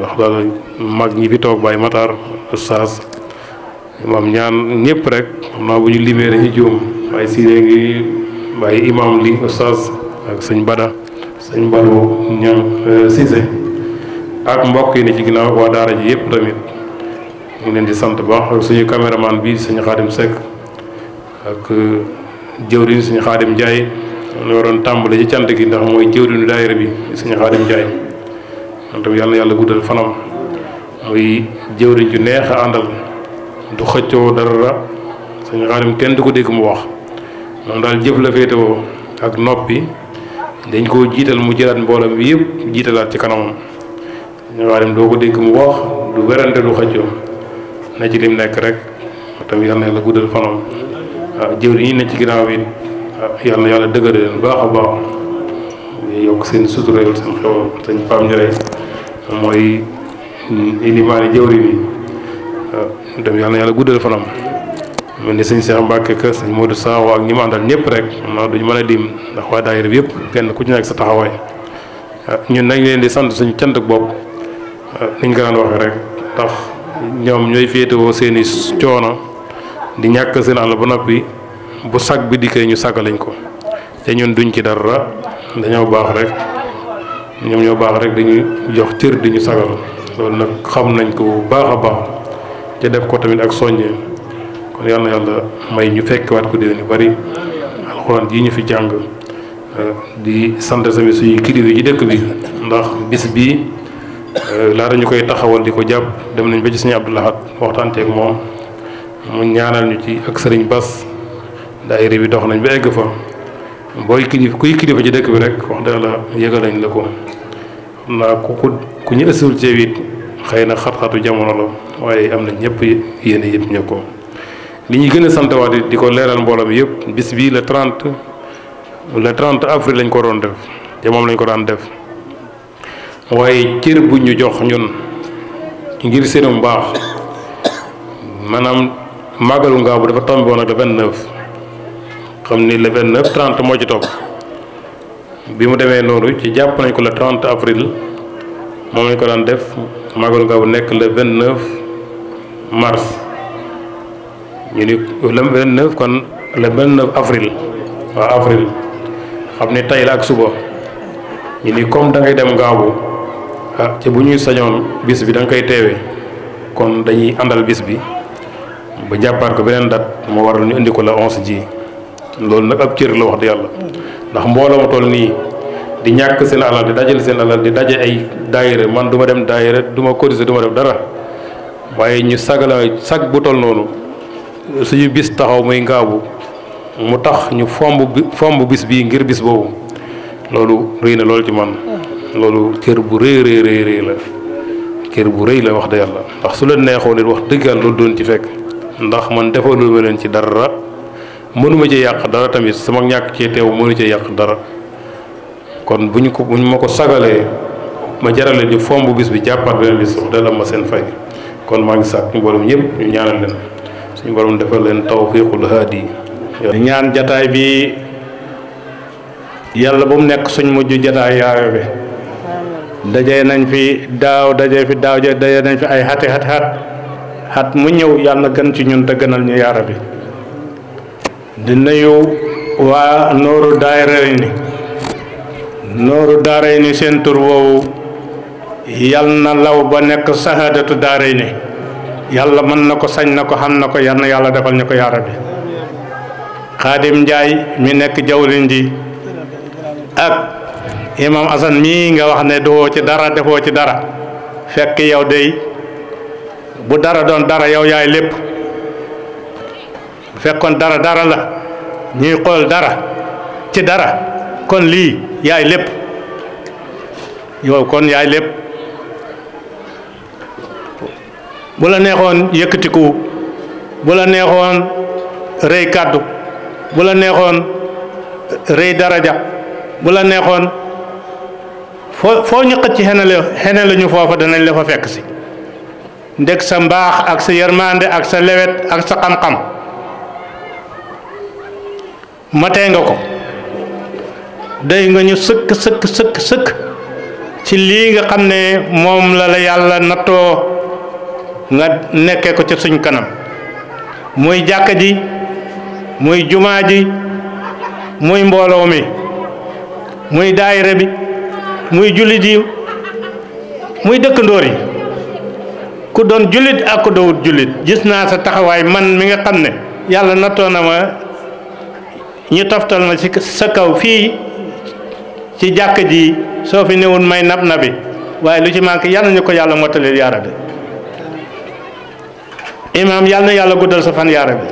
wax daal mag ñi fi toog bàyyi mataar ustaas imaam ñaan ñëpp rek xam naa bu ñu limee dañuy juum waaye si ngi bàyyi imaam li ustaas ak sëñ Bada sëñ Badou ñaan euh, Cissé ak mbokk yi ne ci ginnaaw waa daara ji yëpp tamit ñu leen di sant ba suñu caméraman bi suñu xaadim Seck ak uh, jëwriñ suñu xaadim Ndiaye ñu cant gi ndax mooy jëwriñu daayira bi suñu xaadim Ndiaye moom tamit yàlla na yàlla guddal fanam muy jëwriñ ju neex a àndal du xëccoo dara suñu xaadim kenn du ko dégg mu wax moom daal jëf la féetewoo ak noppi dañ koo jiital mu jëlaat mboolam bi yëpp jiitalaat ci kanamam ñoo xam doo ko dégg mu wax du werante du xëccoo na ci lim nekk rek tam yàlla na yàlla guddal fanam waaw ah, jëw yi ne ci ginnaaw it ah, yàlla na yàlla dëgëral leen baax a baax yokk seen sutura seen xewal seen Pape ah, yàlla na yàlla guddal fanam mel ni sëñ Cheikh Mbacke ka sëñ Modou Sawa ak ñi ma àndal ñëpp rek man duñu mën a dim ndax waa daayira bi yëpp kenn ku ci nekk sa taxawaay ñu nag leen di sant suñ cant bopp Eh, niñ ko daan wax rek ndax ñoom ñooy féetewoo seen i coono di ñàkk seen àll ba noppi bu sag bi dikkee ñu sagalañ ko te ñun duñ ci dara dañoo baax rek ñoom ñoo baax rek dañuy jox cër di ñu sagal loolu nag xam nañ ko bu baax a baax te def ko tamit ak soññee kon yàlla na yàlla may ñu fekkewaat ko déwén yu bari alxuraan yi ñu fi jàng eh, di sant tamit suñu kilifa yi ci dëkk bi ndax bis bii Euh, laata ñu koy taxawal di ko jàpp dem nañ ba ci sëñ Abdou Lahad waxtaanteeg moom mu ñaanal ñu ci ak sëriñ Bas daayira bi dox nañ ba egg fa booy kilifa kuy kilifa ci dëkk bi rek wax dëgg la yëgal nañ la ko xam naa ku ku ku ñu ëssul ceeb it xëy na xat-xatu jamono la waaye am na ñëpp yéen yëpp ñëpp ko. li ñuy gën a sant waat di ko leeral mbooloo mi yëpp bis bii le 30 le 30 avril lañ ko doon def te moom lañ ko daan def. waaye cër bu ñu jox ñun ngir seenu mbaax maanaam màggalu ngaabu dafa tombé woon ak le 29 xam ni le 29 30 moo ci topp bi mu demee noonu ci jàpp nañ ko la 30 avril moom lañ ko daan def màggalu ngaabu nekk le 29 mars ñu ni le 29 kon le 29 avril waaw avril xam ni tey la ak suba ñu ni comme da ngay dem ngaabu. ah te bu ñuy sañoon bis bi danga koy teewee kon dañuy àndal bis bi ba jàppaat ko beneen dat moo waral ñu indi ko la onze ji loolu nag ab cër la wax di yàlla ndax mbooloo ma toll nii di ñàkk seen alal di dajal seen alal di daje ay daayira man duma dem daayira du ma cotiser du ma dara waaye ñu sagala sag bu toll noonu suñu bis taxaw muy ngaabu mu tax ñu fomb bi bis bii ngir bis boobu loolu rëy na loolu ci man lolu kër bu re re re re la kër bu re la wax dëgg yalla ndax su leen neexoon wax dëgg yàlla loolu ci fek ndax man defo lu leen ci dara mënuma ci dara tamit sama ñak ci tew mënu ci dara kon buñ ko buñ mako ma ma jarale di fombu bis bi ben bis wax ma sen fay kon ma ngi sax ñu borom ñëpp ñu ñaanal leen suñu borom defal leen tawfiqul ñaan jataay bi yalla bu mu nekk suñ mujj jataay yaawé dajee nañ fi daaw dajee fi daaw je dajee nañ fi ay xati xat xat mu ñëw yàlla gën ci ñun te gënal ñu yaara bi di nuyu waa nooru daaray ni nooru seen tur woowu yàll na law ba nekk sahaadatu daaray yàlla mën na ko sañ na ko xam na ko yal yàlla defal ñu ko yaara bi xaadim njaay mi nekk jawlin ji ak imam Assane mii nga wax ne doo ci dara defoo ci dara fekk yow dey bu dara doon dara yow yaay lépp fekkoon dara dara la ñuy xool dara ci dara kon lii yaay lépp yow kon yaay lépp bu la neexoon yëkkatiku bu la neexoon rëy kàddu bu la neexoon rëy daraja bu la neexoon foo foo ñu xëcc xene la xene la ñu foofa danañ la fa fekk si ndeg sa mbaax ak sa yërmande ak sa lewet ak sa xam-xam matee nga ko day nga ñu sëkk sëkk sëkk sëkk ci lii nga xam ne moom la la yàlla nattoo nga nekke ko ci suñ kanam muy jàkka ji muy jumaa ji muy mbooloo mi muy daayira bi muy jullit yi muy dëkkandóor yi ku doon jullit ak ku dowut jullit gis naa sa taxawaay man mi nga xam ne yàlla nattoo na ñu toftal ma ci sa kaw fii ci jàkk ji soo fi newul may nab nabi waaye lu ci manqué yàlla ñu ko yàlla mottalil yaara bi imaam yàlla na yàlla guddal sa fan yaara bi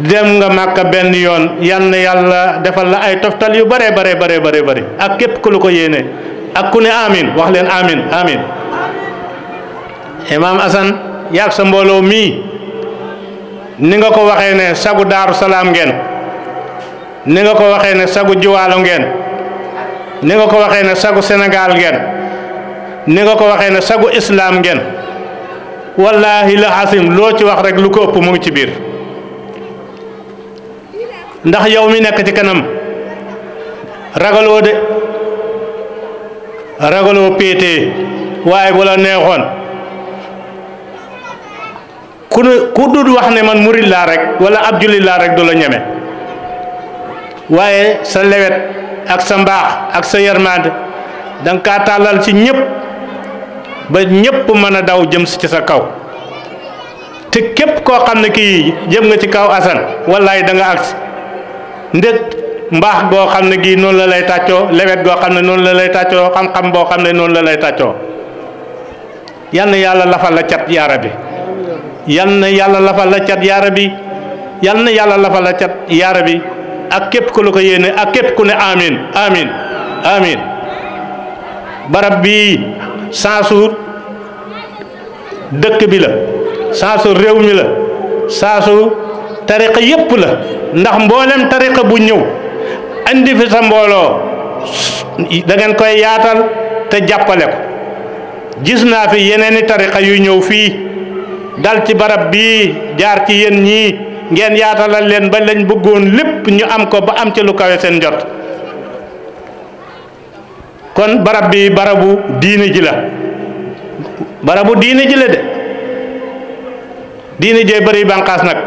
dem nga màkka benn yoon yal na yàlla defal la ay toftal yu bare bare bare bare bare ak képp ku lu ko yéene ak ku ne amin wax leen amin amin imaam Assane yaag sa mbooloo mii ni nga ko waxee ne sagu daaru salaam ngeen ni nga ko waxee ne sagu jiwaalo ngeen ni nga ko waxee ne sagu Sénégal ngeen ni nga ko waxee ne sagu islaam ngeen wallahi la xasim loo ci wax rek lu ko ëpp mu ngi ci biir ndax yow mi nek ci kanam ragalo de ragalo pété waye bu la neexon ku dud wax ne man murid la rek wala ab jullit rek do la ñeme waaye sa lewet ak sa mbax ak sa yermande dang ka talal ci ñëpp ba ñëpp mëna daw jëm ci sa kaw te kep ko xamne ki jëm nga ci kaw asan wallahi da nga ndég mbaax goo xam ne gii noonu la lay tàccoo lewet goo xam ne noonu la lay tàccoo xam-xam boo xam ne noonu la lay tàccoo yal na yàlla lafal la cat yaara bi yal yàlla lafal la cat yaara bi yal na yàlla lafal la cat yaara bi ak képp ku la ko yéene ak képp ku ne amin amin amin barab bii Sansour dëkk bi la Sansour réew mi la Sansour tariqa yépp la ndax mboolem tariqa bu ñëw andi fi sa mbooloo dangeen koy yaatal te jàppale ko gis naa fi yeneen yeneeni tarix yu ñëw fii dal ci barab bii jaar ci yéen ñii ngeen yaatalal leen ba lañ bëggoon lépp ñu am ko ba am ci lu kawe seen jot kon barab bi barabu diine ji la barabu diine ji la de diine jee bëri banqaas nag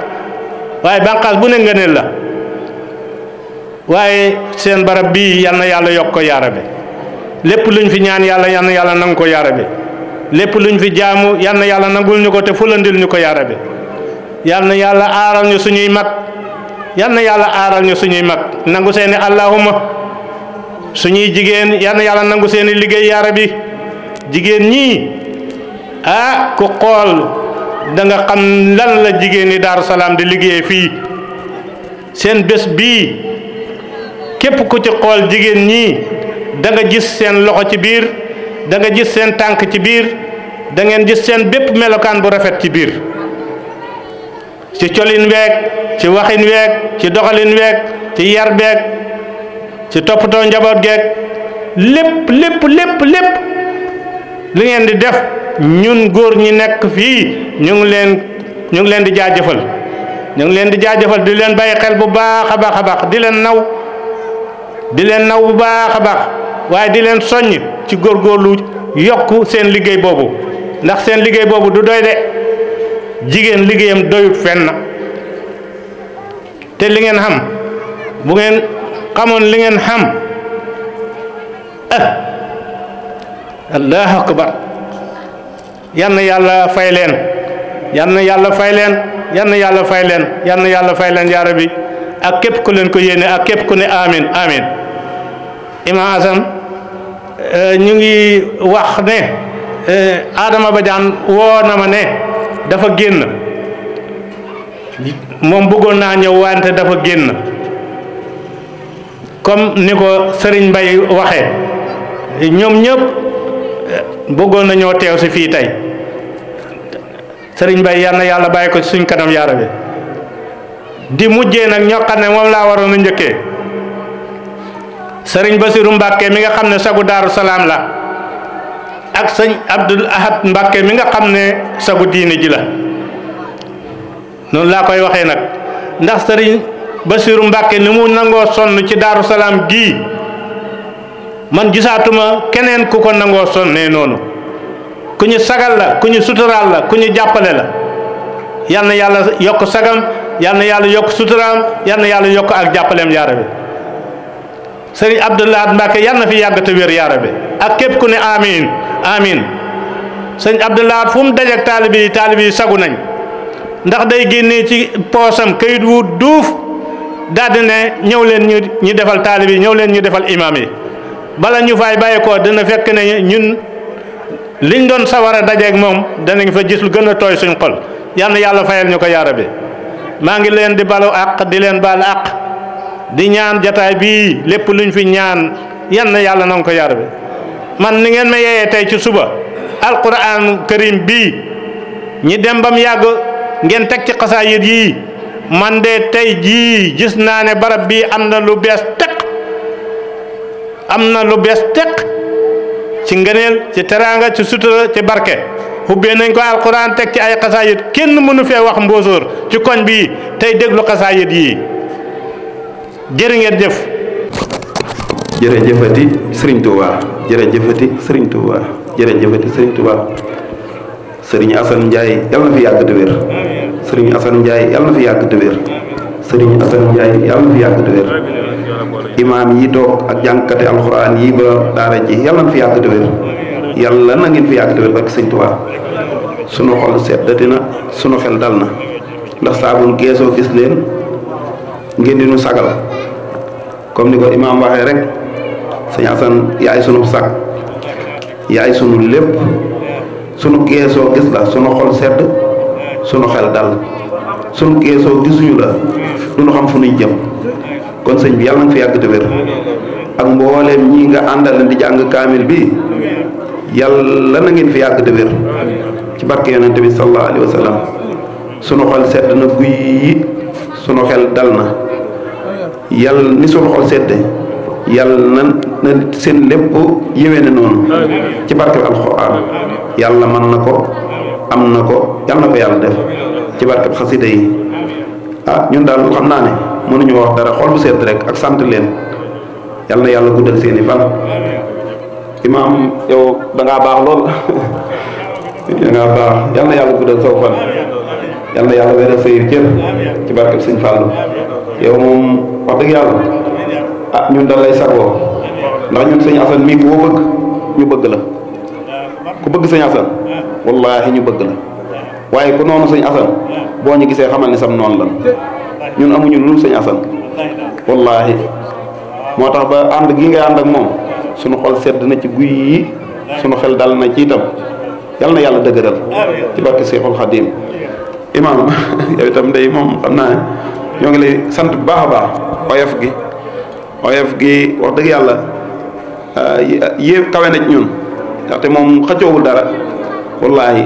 waaye bànqaas bu ne ngëneel la waaye seen barab bii yal na yàlla yokk ko yaara bi lépp luñ fi ñaan yàlla yal yàlla nangu ko yaara bi lépp luñ fi jaamu yal yàlla nangul ñu ko te fulandil ñu ko yaara bi na yàlla aaral ñu suñuy mag yal yàlla aaral ñu suñuy mag nangu seeni allahuma suñuy jigéen yal yàlla nangu seeni liggéey yaara bi jigéen ñii ah ku xool da nga xam lan la jigéen ni Daaru Salaam di liggéey fi seen bés bii képp ku ci xool jigéen ñi da nga gis seen loxo ci biir da nga gis seen tànk ci biir da ngeen gis seen bépp melokaan bu rafet ci biir ci colin weeg ci waxin weeg ci doxalin weeg ci yar beeg ci toppatoo njaboot geeg lépp lépp lépp lépp li ngeen di def ñun góor ñi nekk fii ñu ngi leen ñu ngi leen di jaajëfal ñu ngi leen di jaajëfal di leen bàyyi xel bu baax a baax a baax di leen naw di leen naw bu baax a baax waaye di leen soññ ci góor góorgóorlu yokk seen liggéey boobu ndax seen liggéey boobu du doy de jigéen liggéeyam doyut na te li ngeen xam bu ngeen xamoon li ngeen xam eh, allahu akbar yal na yàlla fay leen yal na yàlla fay leen yal yàlla fay leen yal yàlla fay leen yaara bi ak képp ku leen ko yéene ak képp ku ne amin amin imam euh, ñu ngi wax ne euh, Adama Badiane woo na ma ne dafa génn moom bëggoon naa ñëw wante dafa génn kom ni ko sëriñ Mbaye waxe ñoom ñëpp bëggoon nañoo teew si fii tey sëriñ Bay yal na yàlla bàyyi ko suñ kanam yaara bi di mujjee nag ñoo xam ne moom laa waroon a njëkkee sëriñ Basiru Mbàkke mi nga xam ne sagu Daaru Salaam la ak sëñ Abdul Ahad Mbàkke mi nga xam ne sagu diine ji la noonu laa koy waxee nag ndax sëriñ Basiru Mbàkke ni mu nangoo sonn ci Daaru gii man gisaatuma keneen ku ko nangoo sonnee noonu ku ñu sagal la ku ñu suturaal la ku ñu jàppale la yal yàlla yokk sagam yal yàlla yokk suturaam yal yàlla yokk ak jàppaleem yaa bi sëriñ Abdoulaye Mbacke yal na fi yàgg te wér yaa rabbi ak képp ku ne amiin amiin sëriñ Abdoulaye fu mu dajak taalibi yi taalibi yi sagu nañ ndax day génnee ci poosam kayit wu duuf daal ne ñëw leen ñu ñu defal taalibi yi ñëw leen ñu defal imaam yi. bala ñu fay ko dana fekk ne ñun liñ doon dajé ak mom dana nga fa gis lu gëna toy suñu xol yalla na fayal ñuko ya rabbi ma ngi leen di balu ak di leen bal ak di ñaan jotaay bi lepp luñ fi ñaan yalla na nang ko ya rabbi man ni ngeen ma yeeyee tey ci suba alquran karim bi ñi dem bam yag ngeen tek ci xasaayit yi man de tay ji gis naane barab bi amna lu bes tek am na lu bees teq ci ngëneel ci teraanga ci sutura ci barke xubbee nañ ko alquran teg ci ay xasaayit kenn mënu fee wax mbóosóor ci koñ bii tey déglu xasaayit yii jërë jëf jërëjëfati sëriñ Tuubaa jërëjëfati sëriñ Tuubaa jërëjëfati sëriñ Tuubaa sëriñ Assane Ndiaye yàlla na fi yàgg sëriñ Assane Ndiaye yàlla na fi yàgg di sëriñ Assane Ndiaye yàlla na fi yàgg di imaam yi toog ak jàngkati alxuraan yi ba daara ji yàlla na fi yàgg te yàlla na ngeen fi yàgg te wér barke sëñ Tuubaa sunu xol seddati na sunu xel dal na ndax saabun gis leen ngeen di nu comme ni ko imaam rek sëñ Asan yaay sunu sag sunu lépp sunu geesoo gis la sunu xol xel dal sunu geesoo xam fu nuy jëm kon sëñ bi yàlla na nga fi yàgg te wér ak mbooleem ñi nga àndal di jàng kaamil bi yàlla na ngeen fi yàgg te wér ci barke yonente bi sallallahu alayhi sedd na guy sunu xel dal na yàlla ni sunu xol sedde yàlla na na seen lépp yéwéne noonu ci barkeb alxuraan yàlla mën na ko am na ko yàlla na ko yàlla def ci barkeb xasida yi ah ñun daal xam naa ne mënuñoo wax dara xol bu sedd rek ak sant leen yal na yàlla guddal seeni fan imaam yow da baax lool da ngaa baax yal na yàlla guddal saw fan yal na yàlla wéral say cër ci barkeb sëñ Fallou yow moom wax dëgg yàlla ah ñun dañ lay sagoo ndax ñun sëñ Assane mii ku bëgg ñu bëgg la ku bëgg sëñ Assane wallaahi ñu bëgg la waaye ku noonu sëñ Assane boo ñu gisee xamal ni sam noonu la ñun amuñu lu sëñ Asan wallaahi moo tax ba ànd gi nga ànd ak moom sunu xol sedd na ci guy yi suñu xel dal na ci itam yal na yàlla dëgëral ci barke Seexul Xadiim imaam yow itam day moom xam naa ñoo ngi lay sant bu baax a baax oyof gi oyof gi wax dëgg yàlla ah, yéen kawe na ci ñun ndaxte moom xëccoowul dara wallaahi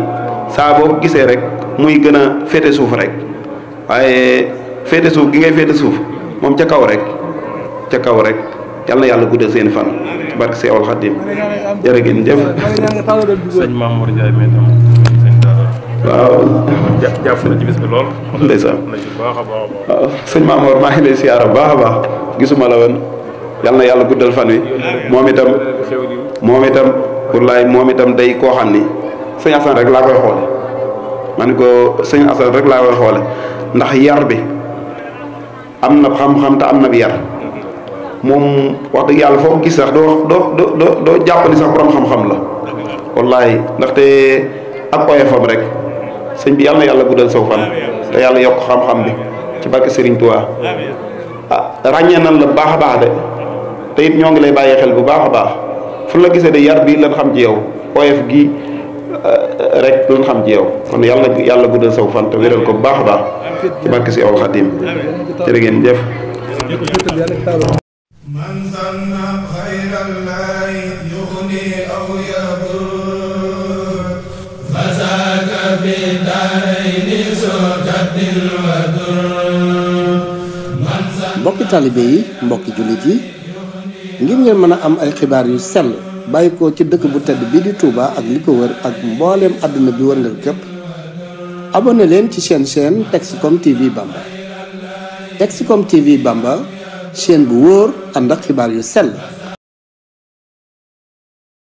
saa boo gisee rek muy gën a féete suuf rek waaye féete suuf gi ngay féete suuf moom ca kaw rek ca kaw rek yal na yàlla guddal seen fan barke Seexul Xadiim jërë ngeen jëf. sëñ Mamour Ndiaye mais tam sëñ Daara. waaw. ci bis maa ngi lay siyaara bu baax a baax gisuma la woon yal yàlla guddal fan wi moom itam moom itam wallaay moom itam day koo xam ni sëñ Assane rek laa koy xoole ma ne ko sëñ rek laa koy xoole ndax yar bi. am na xam-xam te am na bi yar moom wax dëgg yàlla foo gis sax doo doo doo doo jàpp ni sax borom xam-xam la wallaay ndaxte ak oyofam rek sëñ bi yàlla na yàlla guddal saw fan te yàlla yokk xam-xam bi ci barke Serigne Touba ah ràññee nan la baax a baax de te it ñoo ngi lay bàyyee xel bu baax a baax fu la gisee de yar bii lan xam ci yow oyof gi Euh, rek luñ xam ci yow kon yàlla yàlla guddal saw fan te ko bu baax a baax ci barke si aw xadim jërë ngeen jëf mbokki taalibe yi mbokki jullit yi ngir ngeen mën a am ay xibaar yu sell bàyyi ko ci dëkk bu tedd bii di tuubaa ak li ko wër ak mbooleem àdduna bi wërngal képp abonné leen ci seen chaîne Texcom TV Bamba Texcom TV Bamba chaîne bu wóor ànd ak xibaar yu sell